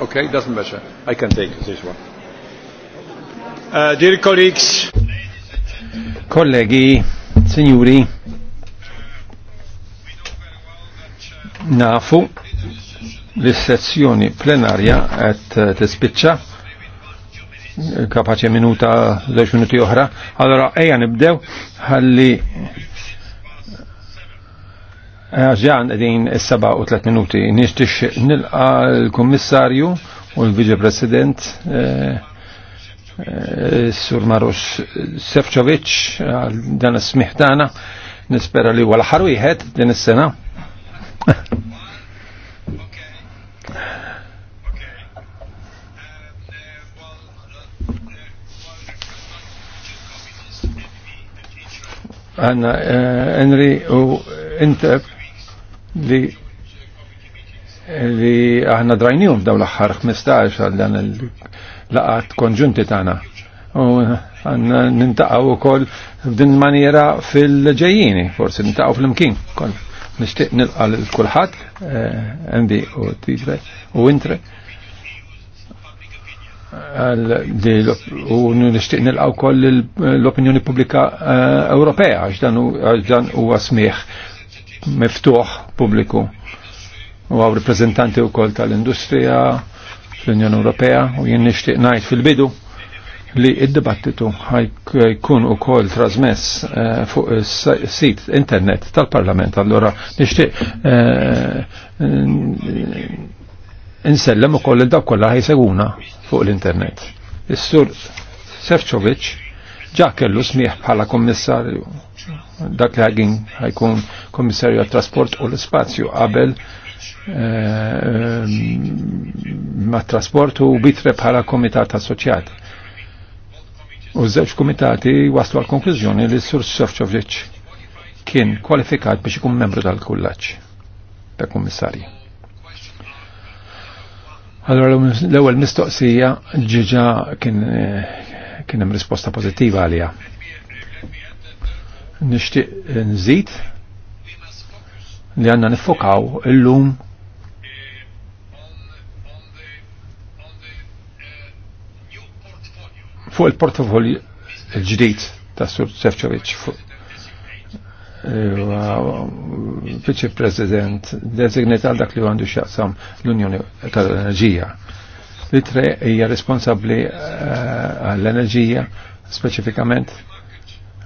Okay, doesn't matter. I can take this one. Uh, dear colleagues, colleghi, signori, nafu l-sessjoni plenarja għet t-spicċa kapaċe minuta, zeċ minuti oħra. Allora, eja nibdew, għalli Ġan edin 3 minuti. Nishtix nilqa l-Kommissarju u l-Vice President eh, eh, Sur Maros Sefcovic għal dan smiħtana nispera li wala ħarwiħed din s sena Għanna eh, Enri u Intep li li aħna drajnijum f'daw l-axħar 15 għal dan il-laqat konġunti tana. U għanna nintaqaw u koll b'din maniera fil-ġejjini, forse nintaqaw fil-mkien koll. Nishtiq nilqa l-kulħat, eh, Andy u Tidre u Intre. U nishtiq nilqa u koll l-opinjoni publika eh, Ewropea, għax dan u għasmiħ miftuħ pubbliku. U għaw reprezentanti u kol tal-industrija fl-Unjoni Ewropea u jien nixtieq ngħid fil-bidu li id-dibattitu ħajkun u kol trasmess eh, fuq is-sit internet tal-Parlament. Allora nixtieq eh, insellem ukoll il dak kollha ħajseguna fuq l-internet. Is-sur Sefcovic ġa kellu smieħ bħala kommissarju dak li għagin għajkun komissarju għat-trasport u l-spazju qabel eh, ma' trasport u bitre bħala komitat assoċjat. U żewġ komitati waslu għal konklużjoni li Sur Sofcovic kien kwalifikat biex ikun membru tal-kullaċ ta' kummissarji. Allora l-ewwel mistoqsija ġiġa kien eh, kien hemm risposta pożittiva għalija nishtiq nżid li għanna nifokaw il-lum fuq il-portfolio il-ġdijt ta' Sur Sefcovic eh, Vice President designat għal dak li għandu xaqsam l-Unjoni tal-Enerġija li tre hija responsabbli eh, għall-enerġija specifikament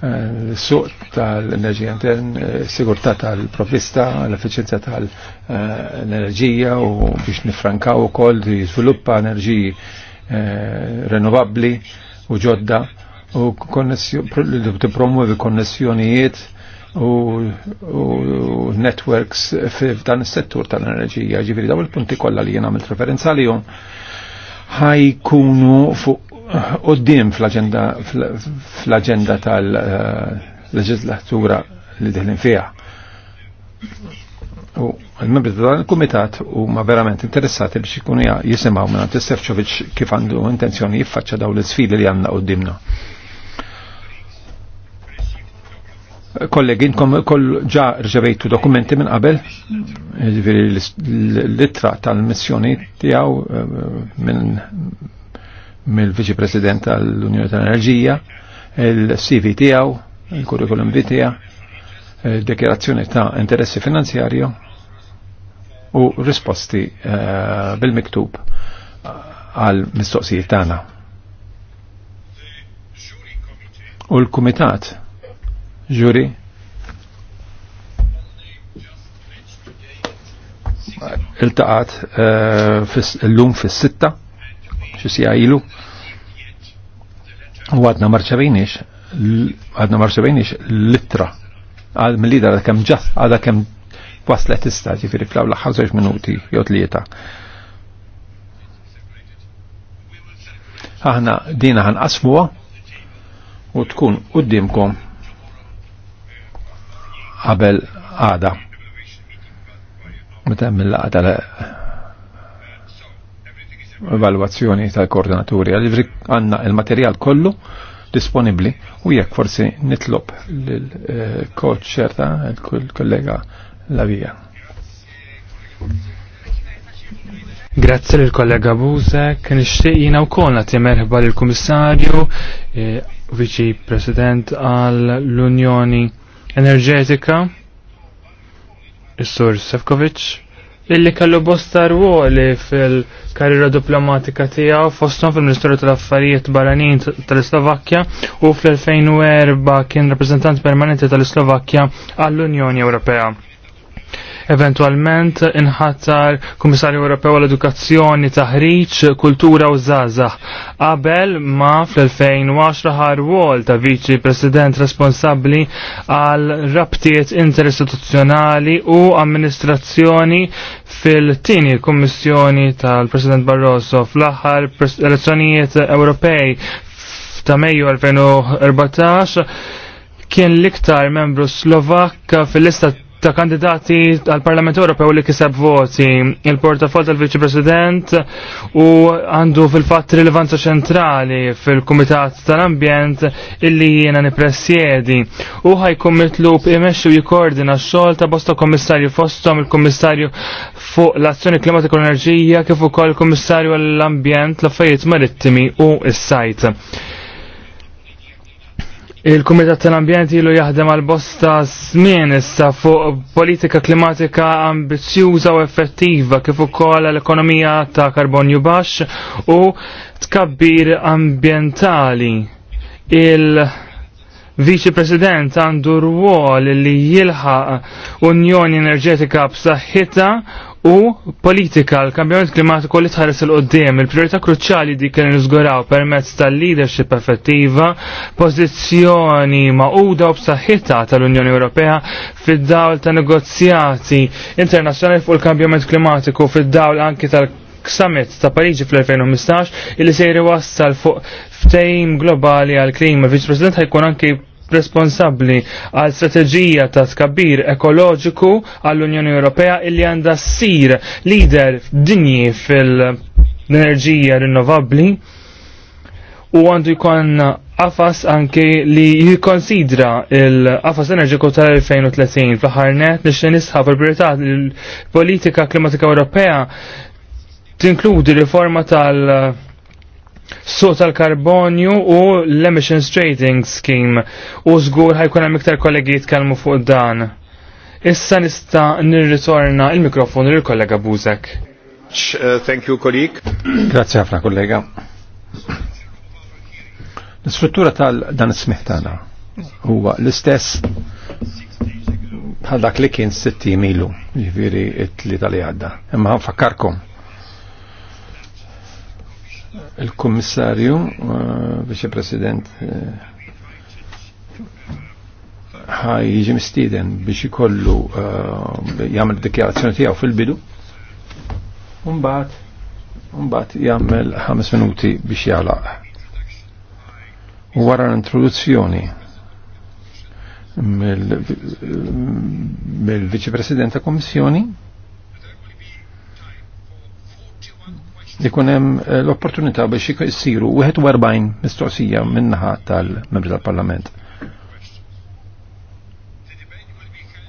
l-suq tal-enerġija intern, eh, sigurtà tal-provvista, l-efficienza tal-enerġija u biex nifrankaw ukoll di sviluppa enerġiji eh, renovabbli u ġodda u promuvi konnessjonijiet u networks f'dan is-settur tal-enerġija. Ġifieri dawn il-punti kollha li jien għamilt referenza jom ħajkunu fuq qoddim fl-agenda tal-leġislatura eh, li d-dħlin fija. U l-membri tal-Kumitat u ma verament interessati biex ikunu jisimaw minna Tistefċovic kif għandu intenzjoni jiffaċċa daw l-sfidi li għanna qoddimna. Kollegi, koll ġa rġevejtu dokumenti minn qabel, l-litra tal-missjoni tijaw eh, minn mill-Viċi President tal-Unjoni tal-Enerġija, il-CV tiegħu, il-kurrikulum vitija, eh, dekjerazzjoni ta' interessi finanzjarju u risposti eh, bil-miktub eh, għal mistoqsijiet tagħna. U l-Kumitat ġuri il-taqat l-lum fis-sitta xisija għajlu u għadna marċavinix għadna marċavinix litra għad mill-lida għadha kem ġas għadha kem waslet ista ġifiri flaw laħħal minuti jew tlieta. aħna dina ħan qasmuha u tkun qudiemkom qabel għada. Meta mill-għada evalwazzjoni tal-koordinaturi għal għanna il-materjal kollu disponibli u jekk forsi nitlob l-koċ ċerta il-kollega Lavija. Grazzi l-kollega Buzek, nishtiq jina u kolna ti merħba l-Komissarju, eh, Viċi President għall-Unjoni Enerġetika, Is-Sur Sefkovic illi kellu bosta ruoli fil-karriera diplomatika tiegħu fosthom fil-Ministeru tal-Affarijiet Barranin tal-Slovakkja u fl-2004 kien rappreżentant permanenti tal-Slovakkja għall-Unjoni Ewropea eventualment inħattar Kummissarju Ewropew għal Edukazzjoni, Taħriġ, Kultura u żgħażagħ. Qabel ma fl-2010 ħar wol ta' Viċi President responsabbli għal rabtiet interistituzzjonali u amministrazzjoni fil-tini Kummissjoni tal-President Barroso fl-aħħar elezzjonijiet Ewropej ta' Mejju 2014 kien l-iktar membru Slovakka fil-lista ta' kandidati għal Parlament Ewropew li kiseb voti, il-portafol tal-Viċi President u għandu fil-fatt rilevanza ċentrali fil-Kumitat tal-Ambjent illi jiena nipresjedi u ħajkun mitlub imexxu jikkoordina x-xogħol ta' bosta kommissarju fosthom il-Kummissarju fuq l-Azzjoni Klimatika u Enerġija kif ukoll il-Kummissarju għall-Ambjent l-Affarijiet Marittimi u s-Sajt. Il-Kumitat tal-Ambjent ilu jaħdem għal bosta smien issa fuq politika klimatika ambizzjuża u effettiva kif ukoll l-ekonomija ta' karbonju baxx u tkabbir ambientali. Il-Viċi President għandu rwol li jilħaq Unjoni Enerġetika b'saħħitha u politika l-kambjament klimatiku li tħares il-qoddim. Il-priorità kruċali di kien nizguraw permezz tal-leadership effettiva, pożizzjoni maquda u b'saħħitha tal-Unjoni Ewropea fid-dawl ta' negozjati internazzjonali fuq il-kambjament klimatiku fid-dawl anki tal summit ta' Pariġi fl-2015 illi se jiri wassal fuq ftejm globali għal klima. Viċ President ħajkun anki responsabbli għal strateġija ta' tkabbir ekoloġiku għall-Unjoni Ewropea illi għandha ssir lider dinji fil-enerġija rinnovabbli u għandu jkun għafas anke li jikonsidra il għafas enerġiku tal-2030 fl-ħarnet nix nisħab il-priorità l-politika klimatika Ewropea tinkludi riforma tal- suq tal-karbonju u l-emissions trading scheme u żgur ħajkun hemm iktar kollegi jitkellmu fuq dan. Issa nista' nirritorna il-mikrofon lill kollega Buzek. Thank you, kolleg. Grazie ħafna, kollega. L-istruttura tal-dan smiħtana huwa l-istess bħal dak li kien 60 milu, jiviri it-tli tal-li għadda. Imma fakkarkom il kommissarju uh, Vice President, uh, ħaj jiġi mistiden biex ikollu uh, jagħmel dikjarazzjoni tiegħu fil-bidu. Umbagħad mbagħad jagħmel ħames minuti biex jagħlaq. Wara l-introduzzjoni mill-Viċi President ta' Kommissjoni ikun hemm eh, l-opportunità biex jsiru 41 mistoqsija minnaħa tal-membri tal-Parlament.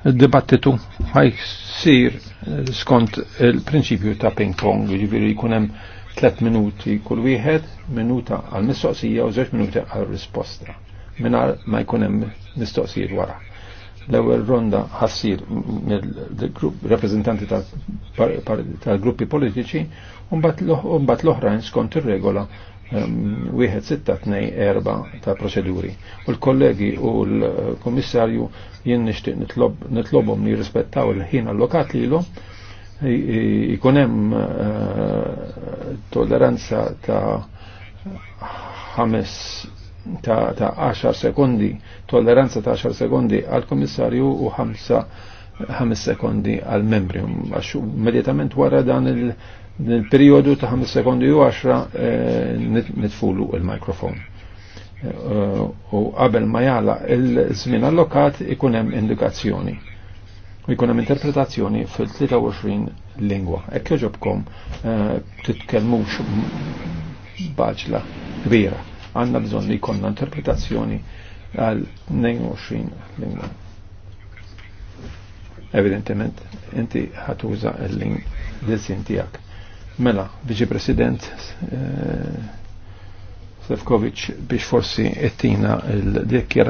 il dibattitu ħaj sir eh, skont il-prinċipju ta' ping pong, jiġifieri jkun hemm 3 minuti kull wieħed, minuta għal mistoqsija u 2 minuti għal risposta. Minar ma jkun hemm mistoqsijiet wara l-ewwel ronda ħassir mill-grupp tal-gruppi politiċi unbat l-oħrajn skont ir-regola ehm, wieħed 6 2 erba ta' proċeduri. U l-kollegi u l-komissarju jien nixtieq nitlobhom li jirrispettaw il-ħin allokat lilhom ikun hemm eh, toleranza ta' ta', ta 10 sekundi, tolleranza ta' 10 sekundi għal-komissarju u 5 5 sekondi għal membri għax immedjatament wara dan il-periodu ta' 5 sekondi u 10 nitfulu il-mikrofon. U qabel ma jala il-żmien allokat ikun hemm indikazzjoni. U jkun hemm interpretazzjoni fil-23 lingwa. Hekk joġobkom titkellmux baġla kbira għanna bżon li konna interpretazzjoni għal 22 lingwa. Evidentement, inti ħatuża l-lingwa tijak. Mela, biġi President eh, Sefkovic biex forsi ettina il-dekjera